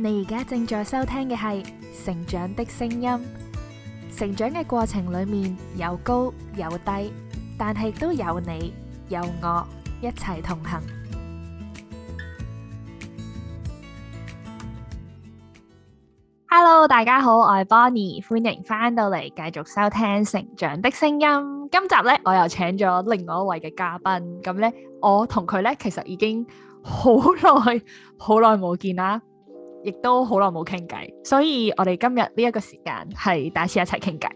你而家正在收聽嘅係《成長的聲音》。成長嘅過程裏面有高有低，但係都有你有我一齊同行。Hello，大家好，我係 Bonnie，歡迎翻到嚟繼續收聽《成長的聲音》。今集呢，我又請咗另外一位嘅嘉賓。咁呢，我同佢呢其實已經好耐好耐冇見啦。亦都好耐冇傾偈，所以我哋今日呢一個時間係第一次一齊傾偈，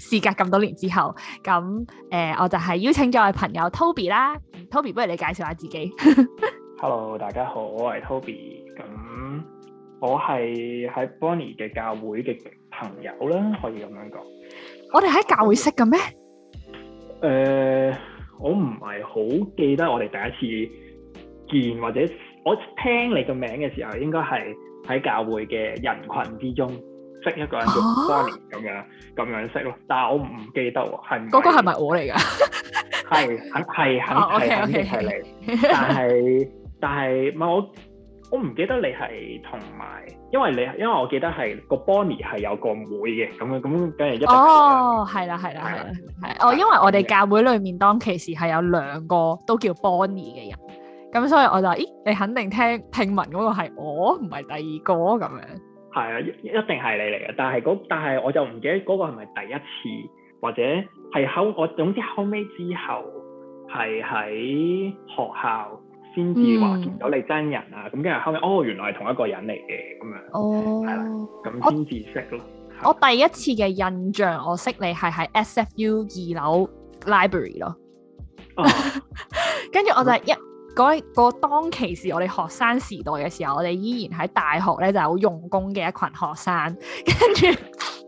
事隔咁多年之後，咁誒，我就係邀請咗位朋友 Toby 啦，Toby 不如你介紹下自己。Hello，大家好，我係 Toby，咁我係喺 Bonnie 嘅教會嘅朋友啦，可以咁樣講。我哋喺教會識嘅咩？誒，我唔係好記得我哋第一次見或者。我聽你個名嘅時候，應該係喺教會嘅人群之中識一個人叫 Bonnie 咁樣，咁樣識咯。但係我唔記得喎，係唔係？嗰個係咪我嚟㗎？係係係，肯定係你，但係但係，唔係我我唔記得你係同埋，因為你因為我記得係個 Bonnie 係有個妹嘅，咁樣咁梗係一哦，係啦係啦係啦，哦，因為我哋教會裡面當其時係有兩個都叫 Bonnie 嘅人。咁所以我就，咦，你肯定聽聽聞嗰個係我，唔係第二個咁樣。係啊，一一定係你嚟嘅。但係嗰，但係我就唔記得嗰個係咪第一次，或者係後我，總之後尾之後係喺學校先至話見到你真人啊。咁跟住後尾，哦，原來係同一個人嚟嘅咁樣。哦，係啦，咁先至識咯。我第一次嘅印象，我識你係喺 SFU 二樓 Library 咯。哦，跟住我就一。嗰個當其時我哋學生時代嘅時候，我哋依然喺大學咧就好用功嘅一群學生，跟住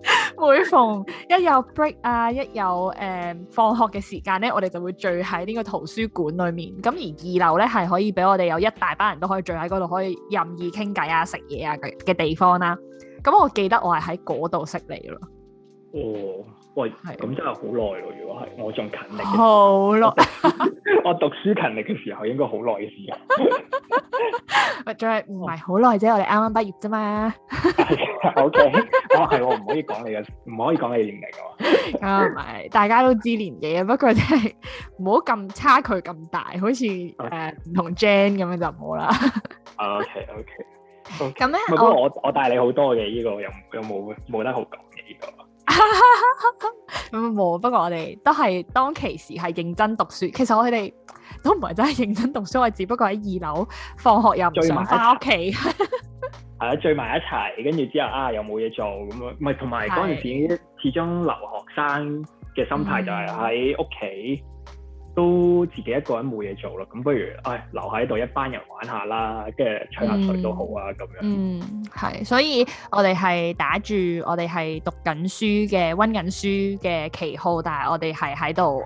每逢一有 break 啊，一有誒、呃、放學嘅時間咧，我哋就會聚喺呢個圖書館裡面。咁而二樓咧係可以俾我哋有一大班人都可以聚喺嗰度，可以任意傾偈啊、食嘢啊嘅嘅地方啦、啊。咁我記得我係喺嗰度識你咯。哦。喂，係，咁真係好耐咯。如果係，我仲勤力，好耐。我讀書勤力嘅時候，應該好耐嘅時間。仲再，唔係好耐啫，我哋啱啱畢業啫嘛。O K，我係我唔可以講你嘅，唔可以講你年齡噶。Oh 大家都知年紀啊，不過真係唔好咁差距咁大，好似誒唔同 Jane 咁樣就唔好啦。O K，O K，咁咧，不過我我帶你好多嘅呢個，又又冇冇得好講嘅呢個。唔冇， 不過我哋都係當其時係認真讀書。其實我哋都唔係真係認真讀書，我只不過喺二樓放學又唔想返屋企，係啦，聚埋一齊，跟住 之後啊又冇嘢做咁樣，唔係。同埋嗰陣時始終留學生嘅心態就係喺屋企，都自己一個人冇嘢做咯，咁不如誒、哎、留喺度一班人玩下啦，跟住吹下水都好啊咁樣。嗯，係、嗯，所以我哋係打住我哋係讀緊書嘅、溫緊書嘅旗號，但係我哋係喺度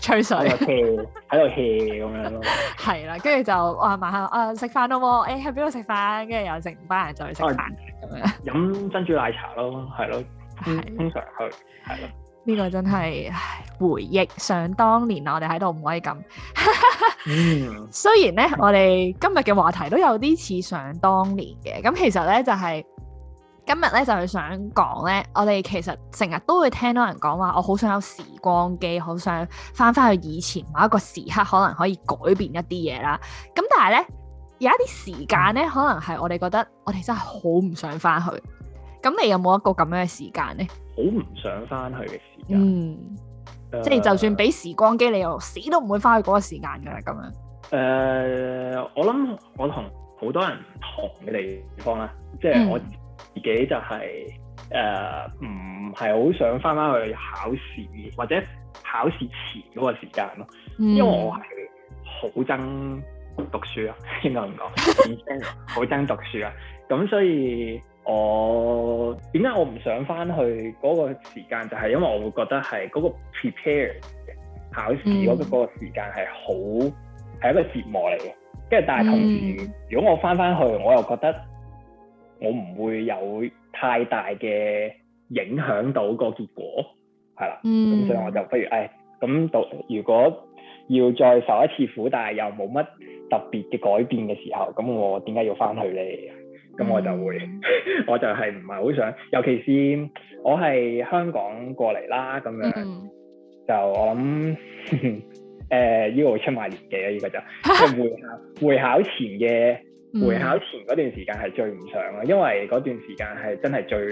吹水，喺度 hea 咁樣咯。係 啦，跟住就啊晚黑啊食飯咯喎，誒、uh, 喺、哎、邊度食飯？跟住又成班人就去食飯咁樣。飲珍珠奶茶咯，係咯，通通常去係咯。呢個真係回憶，想當年我哋喺度唔可以咁。雖然咧，我哋今日嘅話題都有啲似想當年嘅。咁其實咧就係今日咧就係想講咧，我哋其實成日都會聽到人講話，我好想有時光機，好想翻翻去以前某一個時刻，可能可以改變一啲嘢啦。咁但係咧有一啲時間咧，可能係我哋覺得我哋真係好唔想翻去。咁你有冇一個咁樣嘅時間咧？好唔想翻去嘅時間，嗯，即係、呃、就算俾時光機，你又死都唔會翻去嗰個時間噶，咁樣。誒、呃，我諗我同好多人唔同嘅地方啦，即係 我自己就係、是、誒，唔係好想翻翻去考試或者考試前嗰個時間咯，嗯、因為我係好憎讀書啊，應該唔講，好憎 讀書啊，咁所以。Uh, 我點解我唔想翻去嗰個時間？就係、是、因為我會覺得係嗰個 prepare 考試嗰個嗰個時間係好係、嗯、一個折磨嚟嘅。跟住，但係同時，嗯、如果我翻翻去，我又覺得我唔會有太大嘅影響到個結果，係啦。咁、嗯、所以我就不如誒，咁、哎、到如果要再受一次苦，但係又冇乜特別嘅改變嘅時候，咁我點解要翻去呢？咁、mm hmm. 我就會，我就係唔係好想，尤其是我係香港過嚟啦，咁樣、mm hmm. 就我諗，誒 呢、呃呢個出賣年紀啊呢個就係，個會哈考會考前嘅，會考前嗰段時間係最唔想咯，因為嗰段時間係真係最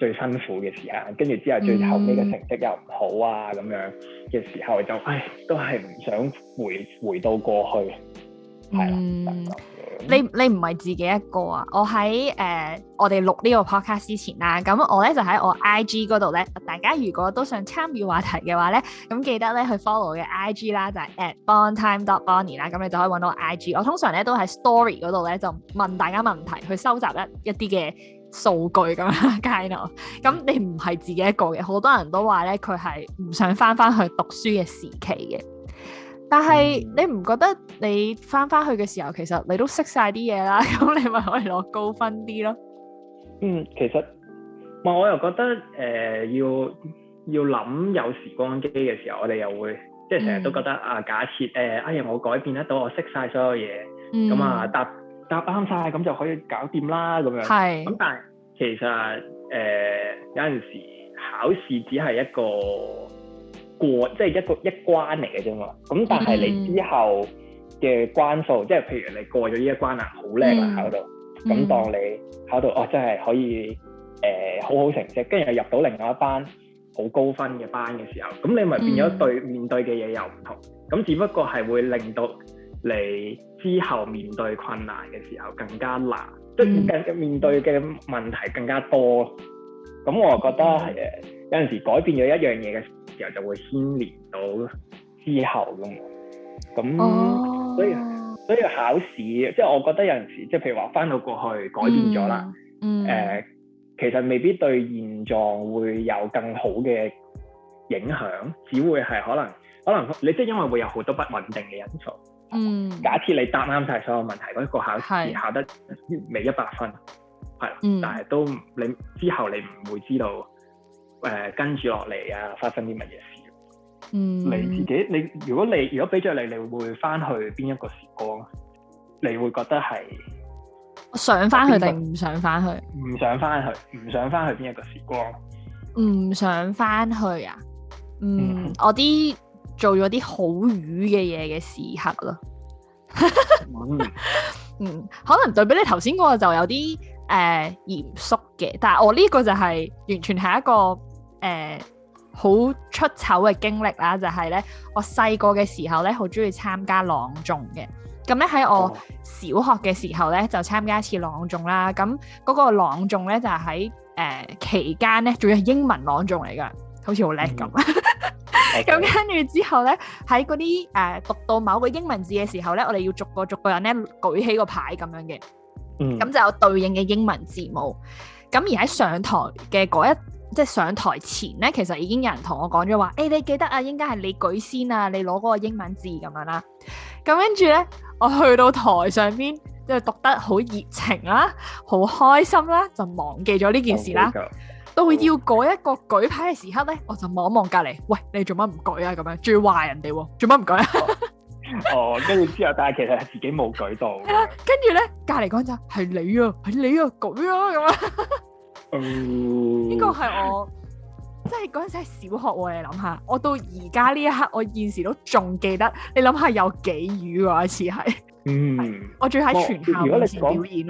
最辛苦嘅時間，跟住之後最後尾嘅成績又唔好啊，咁樣嘅時候就唉都係唔想回回到過去，係啦。你你唔係自己一個啊！我喺誒、呃、我哋錄呢個 podcast 之前啦，咁我咧就喺我 IG 嗰度咧，大家如果都想參與話題嘅話咧，咁記得咧去 follow 嘅 IG 啦、就是，就係 at bontime dot bonnie 啦，咁你就可以揾到我 IG。我通常咧都喺 story 嗰度咧就問大家問題，去收集一一啲嘅數據咁樣 kind of。咁 你唔係自己一個嘅，好多人都話咧佢係唔想翻返去讀書嘅時期嘅。但係你唔覺得你返返去嘅時候，其實你都識晒啲嘢啦，咁你咪可以攞高分啲咯。嗯，其實，哇，我又覺得誒，要要諗有時光機嘅時候，我哋又會即係成日都覺得啊，假設誒，哎呀，我改變得到，我識晒所有嘢，咁啊，答答啱晒，咁就可以搞掂啦，咁樣。係。咁但係其實誒，有陣時考試只係一個。過即係一個一關嚟嘅啫嘛，咁但係你之後嘅關數，嗯、即係譬如你過咗呢一關啊，好叻啊，考到、嗯，咁、嗯、當你考到哦、啊，真係可以誒好、呃、好成績，跟住入到另外一班好高分嘅班嘅時候，咁你咪變咗對面對嘅嘢又唔同，咁、嗯、只不過係會令到你之後面對困難嘅時候更加難，嗯、即面對嘅問題更加多。咁我覺得有陣時改變咗一樣嘢嘅時候就會牽連到之後咁，咁、oh. 所以所以考試，即係我覺得有陣時，即係譬如話翻到過去改變咗啦，誒、mm. 呃，其實未必對現狀會有更好嘅影響，只會係可能可能你即係因為會有好多不穩定嘅因素。嗯，mm. 假設你答啱晒所有問題，嗰個考試考得未一百分，係，但係都你之後你唔會知道。誒，跟住落嚟啊，發生啲乜嘢事？嗯，你自己你，如果你如果俾咗你，你會翻去邊一個時光？你會覺得係想翻去定唔想翻去？唔想翻去，唔想翻去邊一個時光？唔想翻去啊？嗯，嗯我啲做咗啲好瘀嘅嘢嘅時刻咯。 嗯，嗯，可能對比你頭先嗰個就有啲誒嚴肅嘅，但係我呢個就係完全係一個。誒，好、呃、出醜嘅經歷啦，就係、是、咧，我細個嘅時候咧，好中意參加朗誦嘅。咁咧喺我小學嘅時候咧，就參加一次朗誦啦。咁嗰個朗誦咧就喺、是、誒、呃、期間咧，仲要係英文朗誦嚟㗎，好似好叻咁。咁跟住之後咧，喺嗰啲誒讀到某個英文字嘅時候咧，我哋要逐個逐個人咧舉起個牌咁樣嘅。嗯。咁就有對應嘅英文字母。咁、嗯、而喺上台嘅嗰一。即係上台前咧，其實已經有人同我講咗話，誒，你記得啊，應該係你舉先啊，你攞嗰個英文字咁樣啦。咁跟住咧，我去到台上邊，就讀得好熱情啦，好開心啦，就忘記咗呢件事啦。到要嗰一個舉牌嘅時刻咧，我就望一望隔籬，喂，你做乜唔舉啊？咁樣最壞人哋，做乜唔舉啊？哦，跟住之後，但係其實係自己冇舉到。跟住咧，隔籬講就係你啊，係你啊，舉啊咁樣。呢個係我，即係嗰陣時係小學喎。你諗下，我到而家呢一刻，我現時都仲記得。你諗下有幾遠嗰一次係？ 嗯， 我仲喺全校面前表演。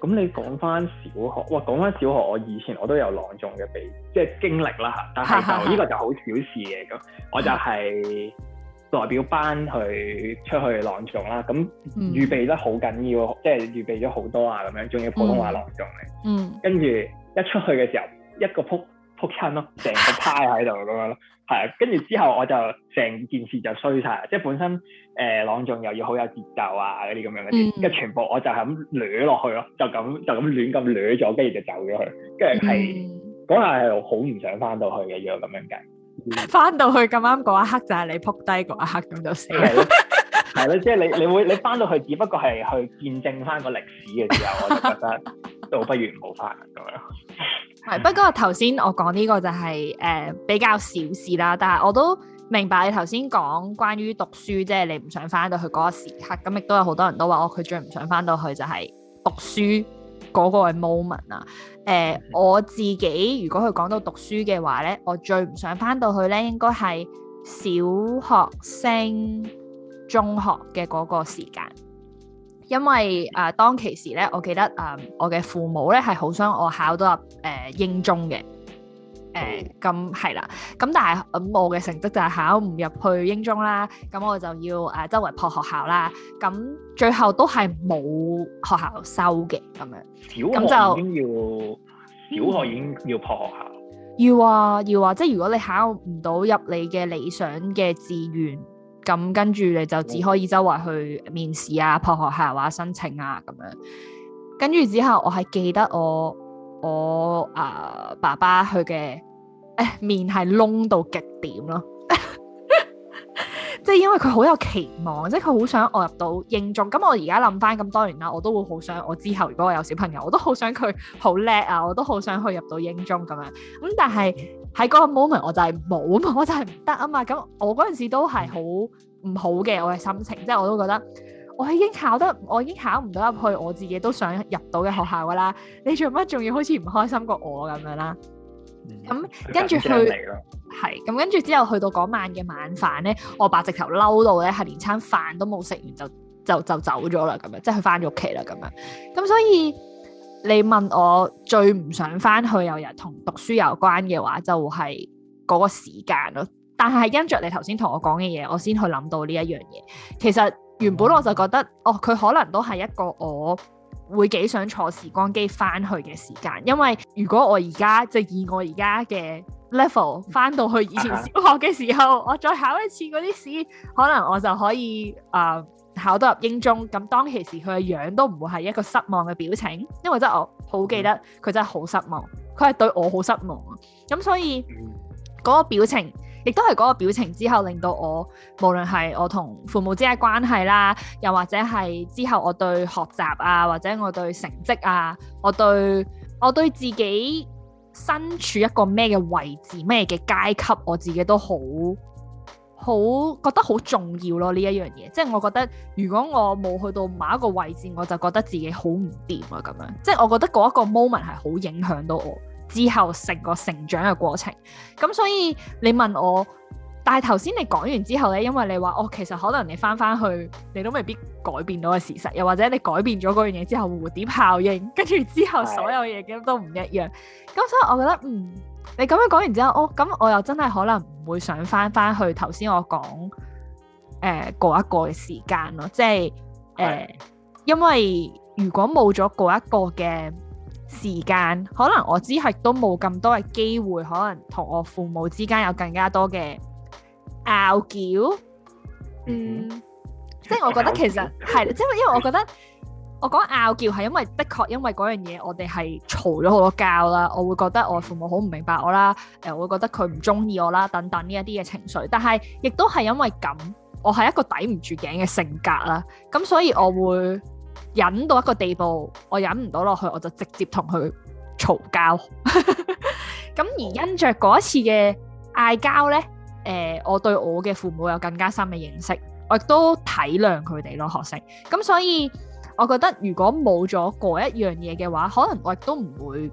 咁你講翻 小學，哇！講翻小學，我以前我都有朗誦嘅，即係經歷啦吓。但係就呢 個就好小事嘅咁，我就係、是。 代表班去出去朗誦啦，咁預備得好緊要，嗯、即係預備咗好多啊咁樣，仲要普通話朗誦嘅。嗯，跟住一出去嘅時候，一個撲撲親咯，成個趴喺度咁樣咯，係。跟住之後我就成件事就衰晒，即係本身誒朗誦又要好有節奏啊嗰啲咁樣嗰啲，跟住、嗯、全部我就係咁掠落去咯，就咁就咁亂咁掠咗，跟住就走咗、嗯、去，跟住係嗰日係好唔想翻到去嘅，如果咁樣計。翻到去咁啱嗰一刻就係你撲低嗰一刻，咁就死係咯。係咯，即係你你會你翻到去只不過係去見證翻個歷史嘅時候，我就覺得，倒不如唔好翻咁樣。係，不過頭先我講呢個就係誒比較小事啦，但係我都明白你頭先講關於讀書，即係你唔想翻到去嗰個時刻，咁亦都有好多人都話哦，佢最唔想翻到去就係讀書。嗰個係 moment 啊！誒、呃，我自己如果佢講到讀書嘅話咧，我最唔想翻到去咧，應該係小學升中學嘅嗰個時間，因為誒、呃、當其時咧，我記得誒、呃、我嘅父母咧係好想我考到入誒、呃、英中嘅。誒，咁係啦，咁、嗯嗯嗯嗯、但係咁我嘅成績就係考唔入去英中啦，咁、嗯、我就要誒、啊、周圍撲學校啦，咁、嗯、最後都係冇學校收嘅咁樣，咁就已經要小學已經要撲學校，嗯、要啊要啊，即係如果你考唔到入你嘅理想嘅志願，咁跟住你就只可以周圍去面試啊，撲學，學校啊，申請啊咁樣，跟住之後我係記得我。我啊、呃、爸爸佢嘅誒面係窿到極點咯， 即係因為佢好有期望，即係佢好想我入到英中。咁、嗯、我而家諗翻咁多年啦，我都會好想我之後如果我有小朋友，我都好想佢好叻啊，我都好想去入到英中咁樣。咁、嗯、但係喺嗰個 moment 我就係冇嘛，我就係唔得啊嘛。咁我嗰陣時都係好唔好嘅我嘅心情，即係我都覺得。我已經考得，我已經考唔到入去，我自己都想入到嘅學校噶啦。你做乜仲要好似唔開心過我咁樣啦？咁跟住去係，咁、嗯嗯嗯、跟住之後去到嗰晚嘅晚飯咧，我爸直頭嬲到咧，係連餐飯都冇食完就就就，就走咗啦。咁樣即係佢翻咗屋企啦。咁樣咁所以你問我最唔想翻去有又同讀書有關嘅話，就係、是、嗰個時間咯。但係因着你頭先同我講嘅嘢，我先去諗到呢一樣嘢。其實。原本我就覺得，哦，佢可能都係一個我會幾想坐時光機翻去嘅時間，因為如果我而家即以我而家嘅 level 翻到去以前小學嘅時候， 我再考一次嗰啲試，可能我就可以啊、呃、考得入英中。咁當其時佢嘅樣都唔會係一個失望嘅表情，因為真係我好記得佢真係好失望，佢係對我好失望。咁所以嗰個表情。亦都係嗰個表情之後，令到我無論係我同父母之間關係啦，又或者係之後我對學習啊，或者我對成績啊，我對我對自己身處一個咩嘅位置，咩嘅階級，我自己都好好覺得好重要咯。呢一樣嘢，即係我覺得如果我冇去到某一個位置，我就覺得自己好唔掂啊。咁樣，即係我覺得嗰一個 moment 係好影響到我。之後成個成長嘅過程，咁所以你問我，但係頭先你講完之後呢，因為你話我其實可能你翻翻去，你都未必改變到個事實，又或者你改變咗嗰樣嘢之後蝴蝶效應，跟住之後所有嘢咁都唔一樣。咁所以我覺得嗯，你咁樣講完之後，哦咁我又真係可能唔會想翻翻去頭先我講誒嗰一個嘅時間咯，即係誒，因為如果冇咗嗰一個嘅。時間，可能我之後都冇咁多嘅機會，可能同我父母之間有更加多嘅拗撬。嗯，嗯即係我覺得其實係， 即係因爲我覺得我講拗撬係因爲的確因爲嗰樣嘢我哋係嘈咗好多交啦，我會覺得我父母好唔明白我啦，誒，我會覺得佢唔中意我啦，等等呢一啲嘅情緒，但係亦都係因爲咁，我係一個抵唔住頸嘅性格啦，咁所以我會。忍到一個地步，我忍唔到落去，我就直接同佢嘈交。咁 而因着嗰一次嘅嗌交呢，誒、呃，我對我嘅父母有更加深嘅認識，我亦都體諒佢哋咯，學識。咁所以，我覺得如果冇咗嗰一樣嘢嘅話，可能我亦都唔會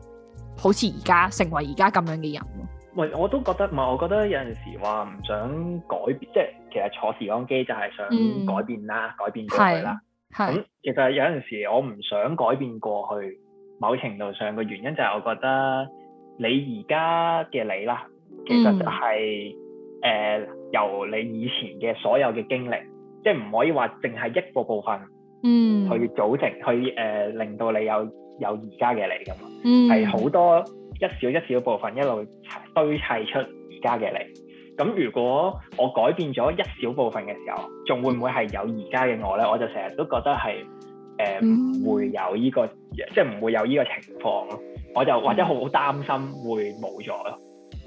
好似而家成為而家咁樣嘅人咯。喂，我都覺得，唔係，我覺得有陣時話唔想改變，即係其實坐時光機就係想改變啦，嗯、改變佢啦。咁、嗯、其實有陣時我唔想改變過去，某程度上嘅原因就係我覺得你而家嘅你啦，其實就係、是、誒、嗯呃、由你以前嘅所有嘅經歷，即係唔可以話淨係一個部分，嗯，去組成去誒、嗯呃、令到你有有而家嘅你咁啊，係好、嗯、多一小一小部分一路堆砌出而家嘅你。咁如果我改變咗一小部分嘅時候，仲會唔會係有而家嘅我呢？我就成日都覺得係誒，唔、呃嗯、會有呢、這個，即係唔會有呢個情況咯。我就或者好擔心會冇咗誒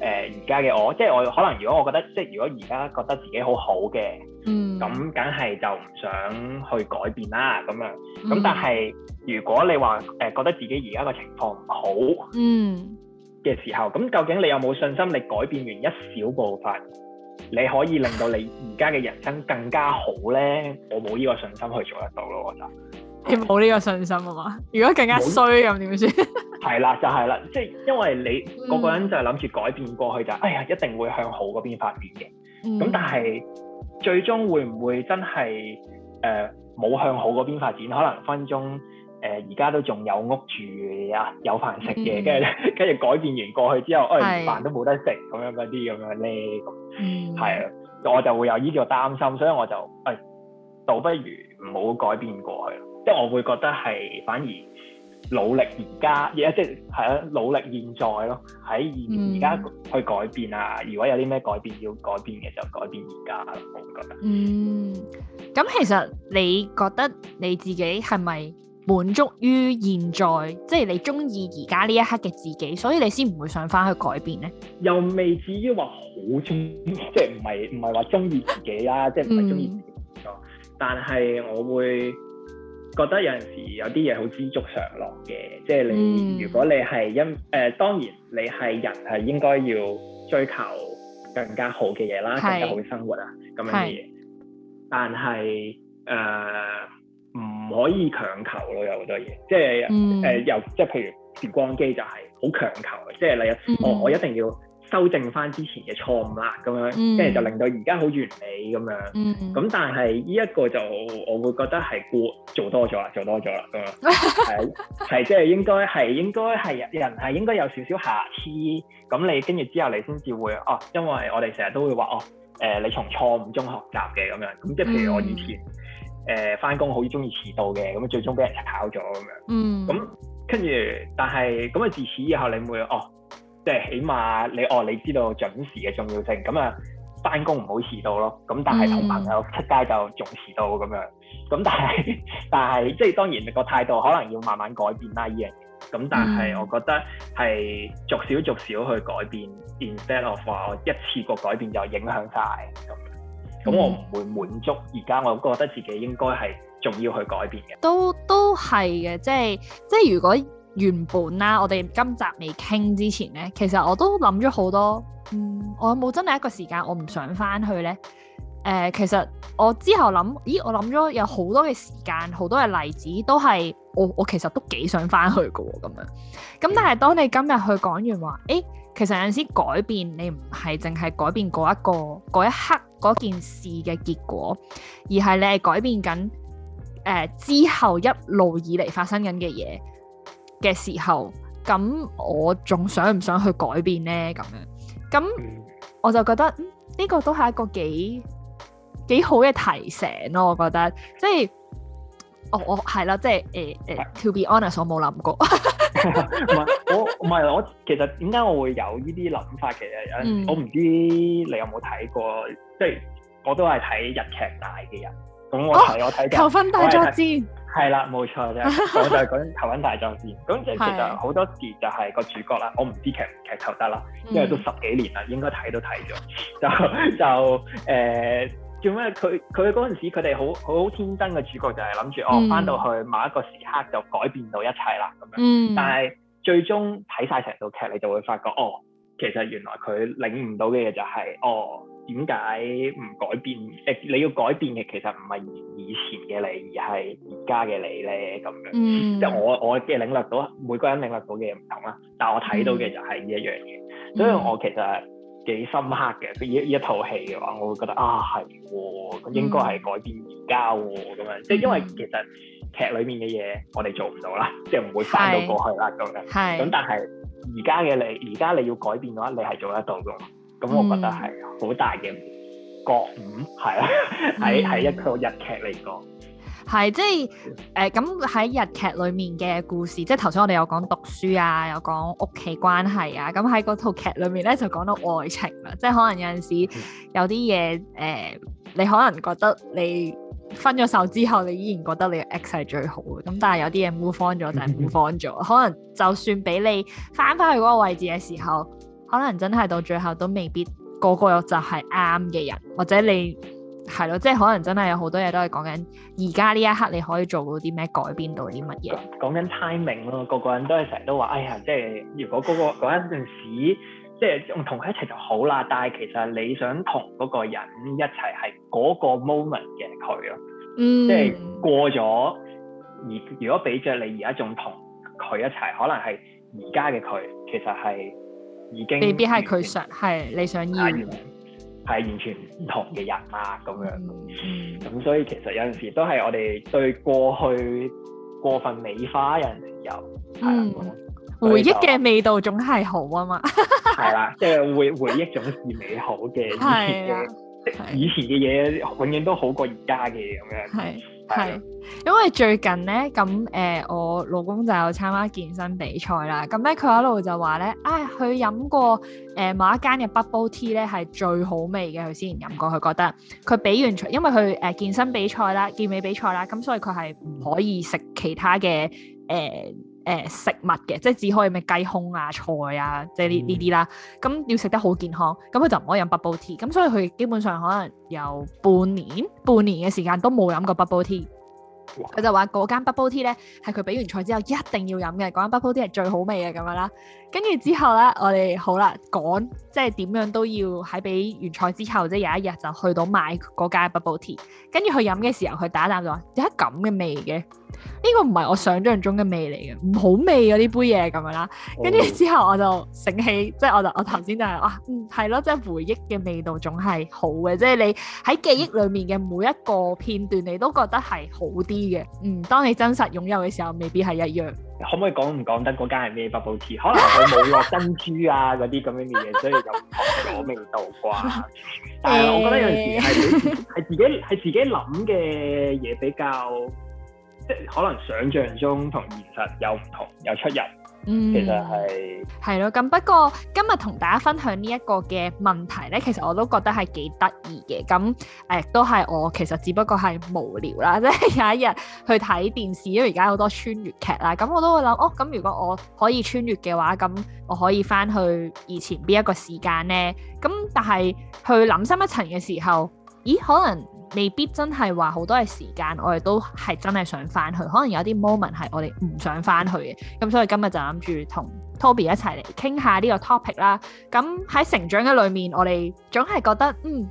而家嘅我，即係我可能如果我覺得即係如果而家覺得自己好好嘅，咁梗係就唔想去改變啦。咁樣咁、嗯、但係如果你話誒、呃、覺得自己而家個情況唔好，嗯。嘅時候，咁究竟你有冇信心？你改變完一小部分，你可以令到你而家嘅人生更加好呢？我冇呢個信心去做得到咯，我就你冇呢個信心啊嘛？嗯、如果更加衰咁點算？係啦沒，就係、是、啦，即、就、係、是、因為你個個人就係諗住改變過去就，哎呀，一定會向好嗰邊發展嘅。咁、嗯、但係最終會唔會真係誒冇向好嗰邊發展？可能分鐘。誒而家都仲有屋住啊，有飯食嘅，跟住跟住改變完過去之後，誒飯都冇得食咁樣嗰啲咁樣咧，係啊，我就會有依個擔心，所以我就誒，倒不如唔好改變過去，即係我會覺得係反而努力而家，而家即係係咯，努力現在咯，喺而而家去改變啊。如果有啲咩改變要改變嘅，就改變而家咯。我覺得，嗯，咁其實你覺得你自己係咪？滿足於現在，即係你中意而家呢一刻嘅自己，所以你先唔會想翻去改變咧？又未至於話好中，即係唔係唔係話中意自己啦， 嗯、即係唔係中意自己，但係我會覺得有陣時有啲嘢好知足常樂嘅，即係你、嗯、如果你係因誒、呃，當然你係人係應該要追求更加好嘅嘢啦，是 更加好嘅生活啊咁樣嘅嘢。是 是 但係誒。呃唔可以強求咯，有好多嘢，即係誒，又、嗯呃、即係譬如時光機就係好強求嘅，即係例如我我一定要修正翻之前嘅錯誤啦，咁樣，嗯、即係就令到而家好完美咁樣。咁、嗯嗯、但係呢一個就我會覺得係過做多咗啦，做多咗啦。係係即係應該係應該係人係應該有少少瑕疵。咁你跟住之後你先至會哦，因為我哋成日都會話哦誒、呃，你從錯誤中學習嘅咁樣。咁即係譬，譬如我以前。誒翻工好中意遲到嘅，咁最終俾人炒咗咁樣。嗯。咁跟住，但係咁啊自此以後你，你會哦，即係起碼你哦，你知道準時嘅重要性。咁啊，翻工唔好遲到咯。咁但係同朋友出街就仲遲到咁樣。咁、嗯、但係但係即係當然個態度可能要慢慢改變啦依樣嘢。咁但係我覺得係逐少逐少去改變，instead of 話一次過改變就影響晒。咁我唔會滿足，而家我覺得自己應該係仲要去改變嘅。都都係嘅，即係即係如果原本啦，我哋今集未傾之前呢，其實我都諗咗好多。嗯，我有冇真係一個時間我唔想翻去呢？誒，其實我之後諗，咦，我諗咗有好多嘅時間，好多嘅例子，都係我我其實都幾想翻去㗎喎。咁樣，咁但係當你今日去講完話，誒，其實有陣時改變，你唔係淨係改變嗰一個嗰一刻，件事嘅結果，而係你係改變緊誒、呃、之後一路以嚟發生緊嘅嘢嘅時候，咁我仲想唔想去改變咧？咁樣，咁我就覺得呢、嗯，呢個都係一個幾幾好嘅提醒咯、啊。我覺得即係我我係啦，即係誒誒 to be honest，我冇諗過。 唔係 我其實點解我會有呢啲諗法？其實、嗯、我唔知你有冇睇過，即係我都係睇日劇大嘅人。咁、哦、我睇我睇《求婚大作戰》，係啦、嗯，冇錯啫。我就係講《求婚大作戰》。咁 其實好多時就係個主角啦。我唔知劇劇頭得啦，因為都十幾年啦，應該睇都睇咗。就就誒做咩？佢佢嗰陣時佢哋好好天真嘅主角就係諗住我翻到去某一個時刻就改變到一切啦咁樣。但係是。嗯最終睇晒成套劇，你就會發覺，哦，其實原來佢領悟到嘅嘢就係、是，哦，點解唔改變？誒、呃，你要改變嘅其實唔係以前嘅你，而係而家嘅你咧，咁樣。即係、嗯、我我嘅領略到，每個人領略到嘅唔同啦。但係我睇到嘅就係呢一樣嘢，嗯、所以我其實幾深刻嘅。佢呢一套戲嘅話，我會覺得啊，係喎，應該係改變而家喎，咁樣。即係、嗯、因為其實。劇裏面嘅嘢，我哋做唔到啦，即係唔會翻到過去啦咁樣。係是，咁但係而家嘅你，而家你要改變嘅話，你係做得到嘅。咁、嗯、我覺得係好大嘅覺悟，係啊、嗯，喺喺一個日劇嚟講，係即係誒。咁、呃、喺日劇裏面嘅故事，即係頭先我哋有講讀書啊，有講屋企關係啊。咁喺嗰套劇裏面咧，就講到愛情啦。即係可能有陣時有啲嘢誒，你可能覺得你。分咗手之後，你依然覺得你嘅 x 係最好嘅，咁但係有啲嘢 move on 咗就 move on 咗，嗯、哼可能就算俾你翻返去嗰個位置嘅時候，可能真係到最後都未必個個就係啱嘅人，或者你係咯，即係可能真係有好多嘢都係講緊而家呢一刻你可以做到啲咩改變到啲乜嘢，講緊 timing 咯，個個人都係成日都話，哎呀，即係如果嗰、嗰個嗰陣時。即係用同佢一齊就好啦，但係其實你想同嗰個人一齊係嗰個 moment 嘅佢咯，嗯、即係過咗。而如果比着你而家仲同佢一齊，可能係而家嘅佢，其實係已經未必係佢想，係你想要，係完全唔同嘅人啦，咁樣。咁、嗯、所以其實有陣時都係我哋對過去過分美化，有陣時又係。嗯。回憶嘅味道總係好啊嘛，係 啦，即係回回憶總是美好嘅 以前嘅， 以前嘅嘢永遠都好過而家嘅咁樣。係係 因為最近咧，咁誒、呃、我老公就有參加健身比賽啦。咁咧佢一路就話咧，啊佢飲過誒某一間嘅 bubble tea 咧係最好味嘅，佢先飲過，佢覺得佢比完出，因為佢誒健身比賽啦、健美比賽啦，咁所以佢係唔可以食其他嘅誒。呃嗯誒食物嘅，即係只可以咩雞胸啊、菜啊，即係呢呢啲啦。咁、嗯、要食得好健康，咁佢就唔可以飲 bubble tea。咁所以佢基本上可能有半年、半年嘅時間都冇飲過 bubble tea。佢哇就話嗰間 bubble tea 咧係佢俾完菜之後一定要飲嘅，嗰間 bubble tea 係最好味嘅咁樣啦。跟住之後咧，我哋好啦，講即係點樣都要喺俾完菜之後，即係有一日就去到買嗰間 bubble tea。跟住佢飲嘅時候，佢打啖就話：點解咁嘅味嘅？呢個唔係我想象中嘅味嚟嘅，唔好味嘅呢杯嘢，咁樣啦。跟住之後我就醒起，即係我就我頭先就係哇，嗯係咯，即係回憶嘅味道總係好嘅，即係你喺記憶裏面嘅每一個片段，你都覺得係好啲嘅。嗯，當你真實擁有嘅時候，未必係一樣。可唔可以講唔講得？嗰間係咩？Bubble Tea，可能佢冇落珍珠啊嗰啲咁樣嘅嘢，所以就學咗味道啩。但係我覺得有陣時係係自己係自己諗嘅嘢比較。可能想像中同現實有唔同，有出入。嗯，其實係係咯。咁不過今日同大家分享呢一個嘅問題呢，其實我都覺得係幾得意嘅。咁誒、呃，都係我其實只不過係無聊啦，即 係有一日去睇電視，因為而家好多穿越劇啦。咁我都會諗，「哦咁如果我可以穿越嘅話，咁我可以翻去以前邊一個時間呢？」咁但係去諗深一層嘅時候。咦？可能未必真係話好多嘅時間，我哋都係真係想翻去。可能有啲 moment 係我哋唔想翻去嘅。咁所以今日就諗住同 Toby 一齊嚟傾下呢個 topic 啦。咁喺成長嘅裏面，我哋總係覺得，嗯，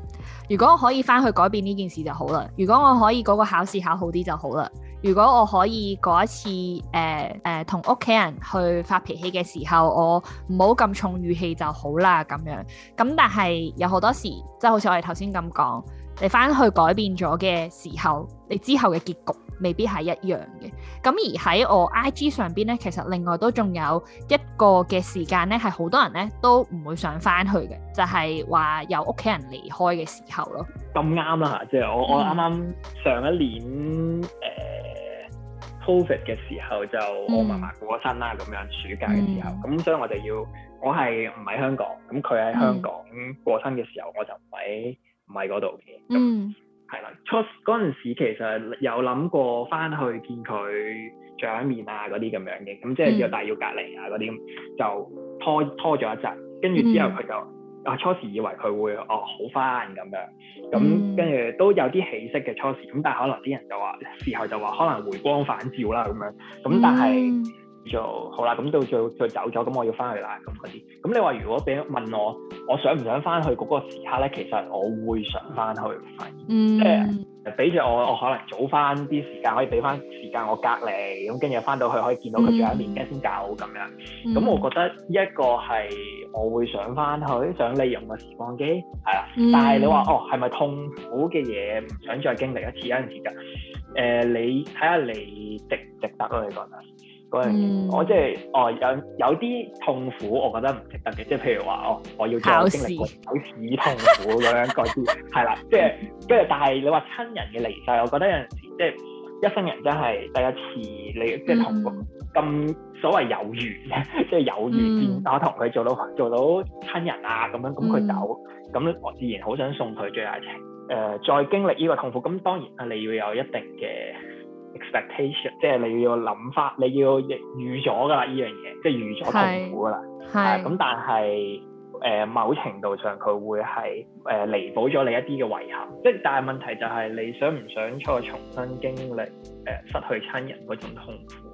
如果我可以翻去改變呢件事就好啦。如果我可以嗰個考試考好啲就好啦。如果我可以嗰一次誒誒同屋企人去發脾氣嘅時候，我唔好咁重語氣就好啦。咁樣咁，但係有好多時，即係好似我哋頭先咁講。你翻去改變咗嘅時候，你之後嘅結局未必係一樣嘅。咁而喺我 IG 上邊咧，其實另外都仲有一個嘅時間咧，係好多人咧都唔會想翻去嘅，就係、是、話有屋企人離開嘅時候咯。咁啱啦即係我我啱啱上一年誒 COVID 嘅時候，就我嫲嫲過身啦，咁樣暑假嘅時候，咁所以我哋要我係唔喺香港，咁佢喺香港過身嘅時候，嗯、我就唔喺。唔係嗰度嘅，嗯，係啦。初嗰陣時其實有諗過翻去見佢長面啊，嗰啲咁樣嘅，咁即係要大要隔離啊嗰啲，嗯、就拖拖咗一陣。跟住之後佢就啊，嗯、初時以為佢會哦好翻咁樣，咁跟住都有啲起色嘅初時。咁但係可能啲人就話，時候就話可能回光返照啦咁樣。咁但係。嗯但就好啦，咁到最後再再走咗，咁我要翻去啦，咁嗰啲。咁你話如果俾問我，我想唔想翻去嗰個時刻咧？其實我會想翻去，即係俾住我，我可能早翻啲時間，可以俾翻時間我隔離，咁跟住翻到去可以見到佢最後一面，先走咁樣。咁、嗯、我覺得一個係我會想翻去，想利用個時光機，係、嗯、啦。但係你話哦，係咪痛苦嘅嘢唔想再經歷一次有陣時噶？誒、呃，你睇下你值唔值得咯？你講啊。嗰、嗯、我即係哦有有啲痛苦，我覺得唔值得嘅，即係譬如話哦，我要再有經歷嗰啲事痛苦咁樣嗰啲，係啦， 即係跟住，但係你話親人嘅離世，我覺得有陣時即係一生人真係第一次，你、嗯、即係同咁所謂有緣嘅，即係有緣見我同佢做到做到親人啊，咁樣咁佢走，咁、嗯、我自然好想送佢最後一程，誒、呃，再經歷呢個痛苦，咁當然啊，你要有一定嘅。expectation，即係你要諗法，你要預咗噶啦，呢樣嘢，即係預咗痛苦噶啦。係咁、呃，但係誒、呃、某程度上佢會係誒彌補咗你一啲嘅遺憾。即係但係問題就係、是、你想唔想出去重新經歷誒、呃、失去親人嗰種痛苦？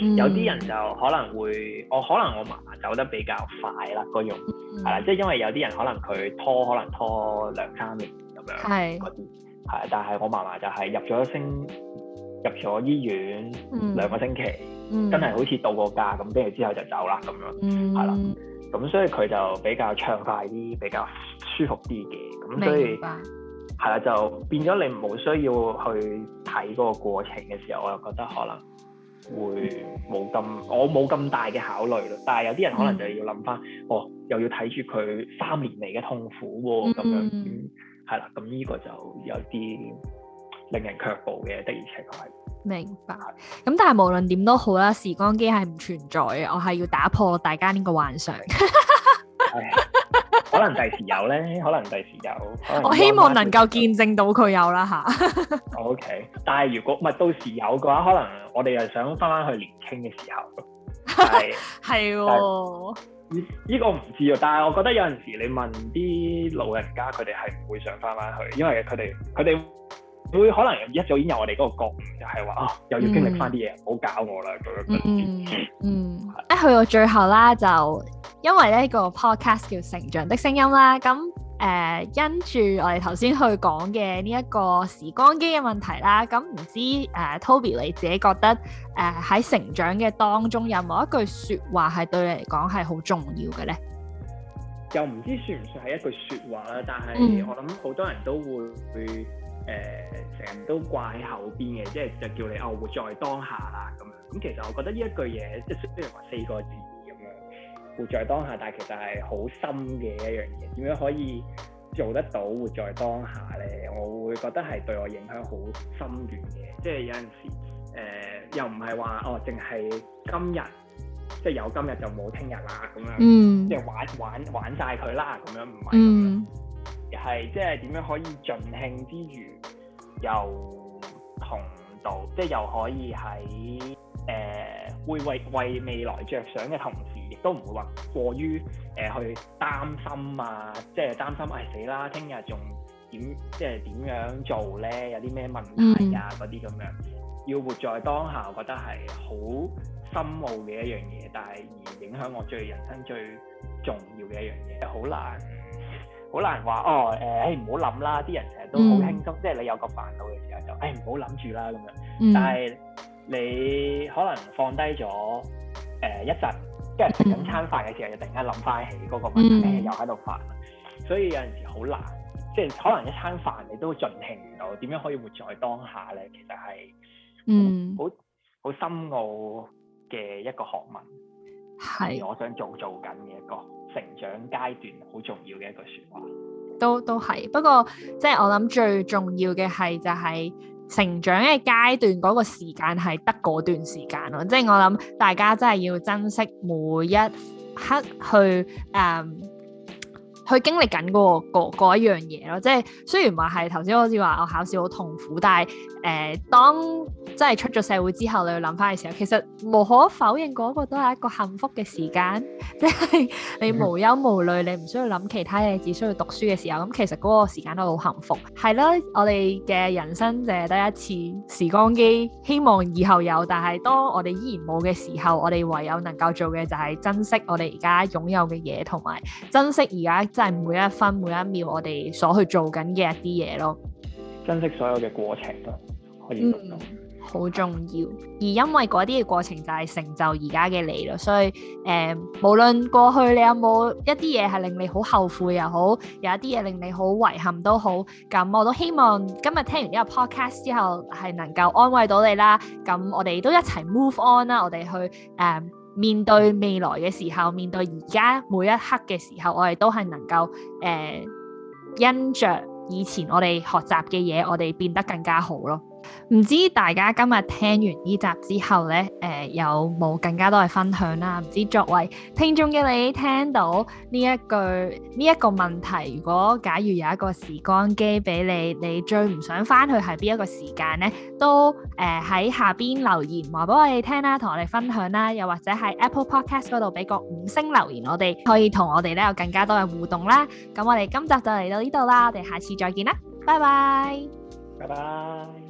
嗯、有啲人就可能會，我、哦、可能我嫲嫲走得比較快啦，嗰種係啦，即係因為有啲人可能佢拖，可能拖兩三年咁樣，係啲係。但係我嫲嫲就係入咗升。入咗醫院、嗯、兩個星期，真係、嗯、好似度個假咁，跟住之後就走啦咁樣，係啦、嗯，咁所以佢就比較暢快啲，比較舒服啲嘅，咁所以係啦明白，就變咗你冇需要去睇嗰個過程嘅時候，我就覺得可能會冇咁，我冇咁大嘅考慮咯。但係有啲人可能就要諗翻，嗯、哦，又要睇住佢三年嚟嘅痛苦喎，咁樣係啦，咁呢、嗯嗯嗯、個就有啲。令人卻步嘅的而且確係，明白。咁是但係無論點都好啦，時光機係唔存在嘅，我係要打破大家呢個幻想。 可能第時有咧，可能第時有。時有我希望能夠見證到佢有啦吓。O K，但係如果唔係到時有嘅話，可能我哋又想翻翻去年輕嘅時候。係喎，呢、這個唔知喎。但係我覺得有陣時你問啲老人家，佢哋係唔會想翻翻去，因為佢哋佢哋。佢可能一早已經有我哋嗰個覺悟，就係話啊，又要經歷翻啲嘢，唔好搞我啦，咁樣嗰啲。嗯嗯，一去到最後啦，就因為呢個 podcast 叫《成長的聲音》啦，咁誒，跟住我哋頭先去講嘅呢一個時光機嘅問題啦，咁唔知誒，Toby 你自己覺得誒喺成長嘅當中有冇一句說話係對你嚟講係好重要嘅咧？又唔知算唔算係一句說話啦？但係我諗好多人都會。誒，成日、呃、都掛喺後邊嘅，即係就叫你哦活在當下啦咁樣。咁其實我覺得呢一句嘢，即係雖然話四個字咁樣，活在當下，但係其實係好深嘅一樣嘢。點樣可以做得到活在當下咧？我會覺得係對我影響好深遠嘅。即係有陣時，誒、呃，又唔係話哦，淨係今日，即係有今日就冇聽日啦咁樣。嗯，即係玩玩玩晒佢啦咁樣，唔係。嗯係即係點樣可以盡興之餘，又同道，即係又可以喺誒、呃，會為為未來着想嘅同時，亦都唔會話過於誒、呃、去擔心啊，即係擔心，哎死啦，聽日仲點，即係點樣做咧？有啲咩問題啊？嗰啲咁樣，要活在當下，我覺得係好深奧嘅一樣嘢，但係而影響我最人生最重要嘅一樣嘢，好難。好難話哦，誒、欸，誒唔好諗啦！啲人成日都好輕鬆，嗯、即係你有個煩惱嘅時候就，誒唔好諗住啦咁樣。嗯、但係你可能放低咗誒一陣，即係食緊餐飯嘅時候就突然間諗翻起嗰個問題，嗯、又喺度煩。所以有陣時好難，即係可能一餐飯你都盡興唔到，點樣可以活在當下咧？其實係嗯，好好深奧嘅一個學問。係、嗯，我想做做緊嘅一個成長階段好重要嘅一句説話，都都係。不過即係、就係、我諗最重要嘅係就係成長嘅階段嗰個時間係得嗰段時間咯。即、就、係、係、我諗大家真係要珍惜每一刻去誒。Um, 去經歷緊、嗰個、嗰個、嗰個一樣嘢咯，即係雖然話係頭先好似話我考試好痛苦，但係誒、呃、當真係出咗社會之後你去諗翻嘅時候，其實無可否認嗰個都係一個幸福嘅時間，即 係你無憂無慮，你唔需要諗其他嘢，只需要讀書嘅時候，咁其實嗰個時間都好幸福。係咯，我哋嘅人生就係得一次時光機，希望以後有，但係當我哋依然冇嘅時候，我哋唯有能夠做嘅就係珍惜我哋而家擁有嘅嘢，同埋珍惜而家。即係每一分每一秒，我哋所去做緊嘅一啲嘢咯，珍惜所有嘅過程咯，可以嗯，好重要。而因為嗰啲嘅過程就係成就而家嘅你咯，所以誒，無論過去你有冇一啲嘢係令你好後悔又好，有一啲嘢令你好遺憾都好，咁我都希望今日聽完呢個 podcast 之後係能夠安慰到你啦。咁我哋都一齊 move on 啦，我哋去誒。面對未來嘅時候，面對而家每一刻嘅時候，我哋都係能夠誒，因着以前我哋學習嘅嘢，我哋變得更加好咯。唔知大家今日聽完呢集之後呢，誒有冇更加多嘅分享啦？唔知作為聽眾嘅你聽到呢一句呢一個問題，如果假如有一個時光機俾你，你最唔想翻去係邊一個時間呢？都誒喺下邊留言話俾我哋聽啦，同我哋分享啦，又或者喺 Apple Podcast 嗰度俾個五星留言，我哋可以同我哋咧有更加多嘅互動啦。咁我哋今集就嚟到呢度啦，我哋下次再見啦，拜拜，拜拜。